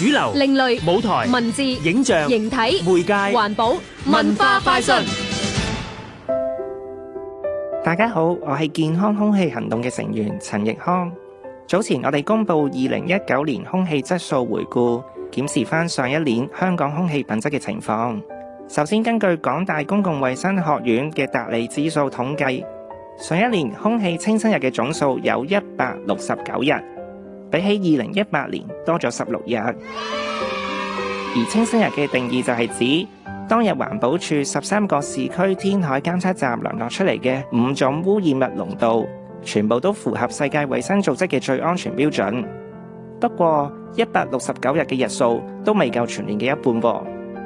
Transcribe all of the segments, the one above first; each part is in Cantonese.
主流、另類舞台、文字、影像、形體、媒介、環保、文化快訊。大家好，我係健康空氣行動嘅成員陳奕康。早前我哋公布二零一九年空氣質素回顧，檢視翻上一年香港空氣品質嘅情況。首先，根據港大公共衛生學院嘅達利指數統計，上一年空氣清新日嘅總數有一百六十九日。比起二零一八年多咗十六日，而清新日嘅定義就係指當日環保署十三個市區天台監測站聯落出嚟嘅五種污染物濃度，全部都符合世界衛生組織嘅最安全標準。不過一百六十九日嘅日數都未夠全年嘅一半。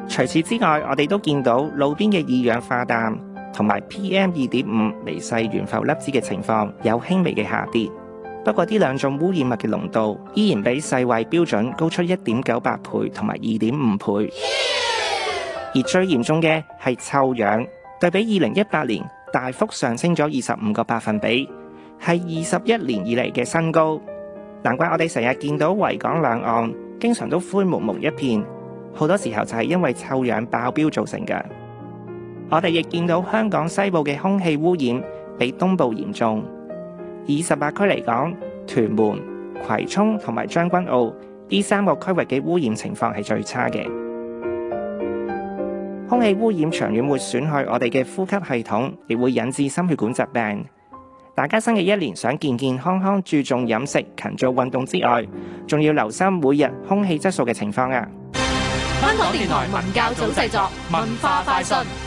除此之外，我哋都見到路邊嘅二氧化氮同埋 PM 二點五微細懸浮粒子嘅情況有輕微嘅下跌。不過呢兩種污染物嘅濃度依然比世衛標準高出一點九八倍同埋二點五倍，而最嚴重嘅係臭氧，對比二零一八年大幅上升咗二十五個百分比，係二十一年以嚟嘅新高。難怪我哋成日見到維港兩岸經常都灰濛濛一片，好多時候就係因為臭氧爆標造成嘅。我哋亦見到香港西部嘅空氣污染比東部嚴重。以十八區嚟講，屯門、葵涌同埋將軍澳呢三個區域嘅污染情況係最差嘅。空氣污染長遠會損害我哋嘅呼吸系統，亦會引致心血管疾病。大家新嘅一年想健健康康，注重飲食、勤做運動之外，仲要留心每日空氣質素嘅情況啊！香港電台文教組製作，文化快訊。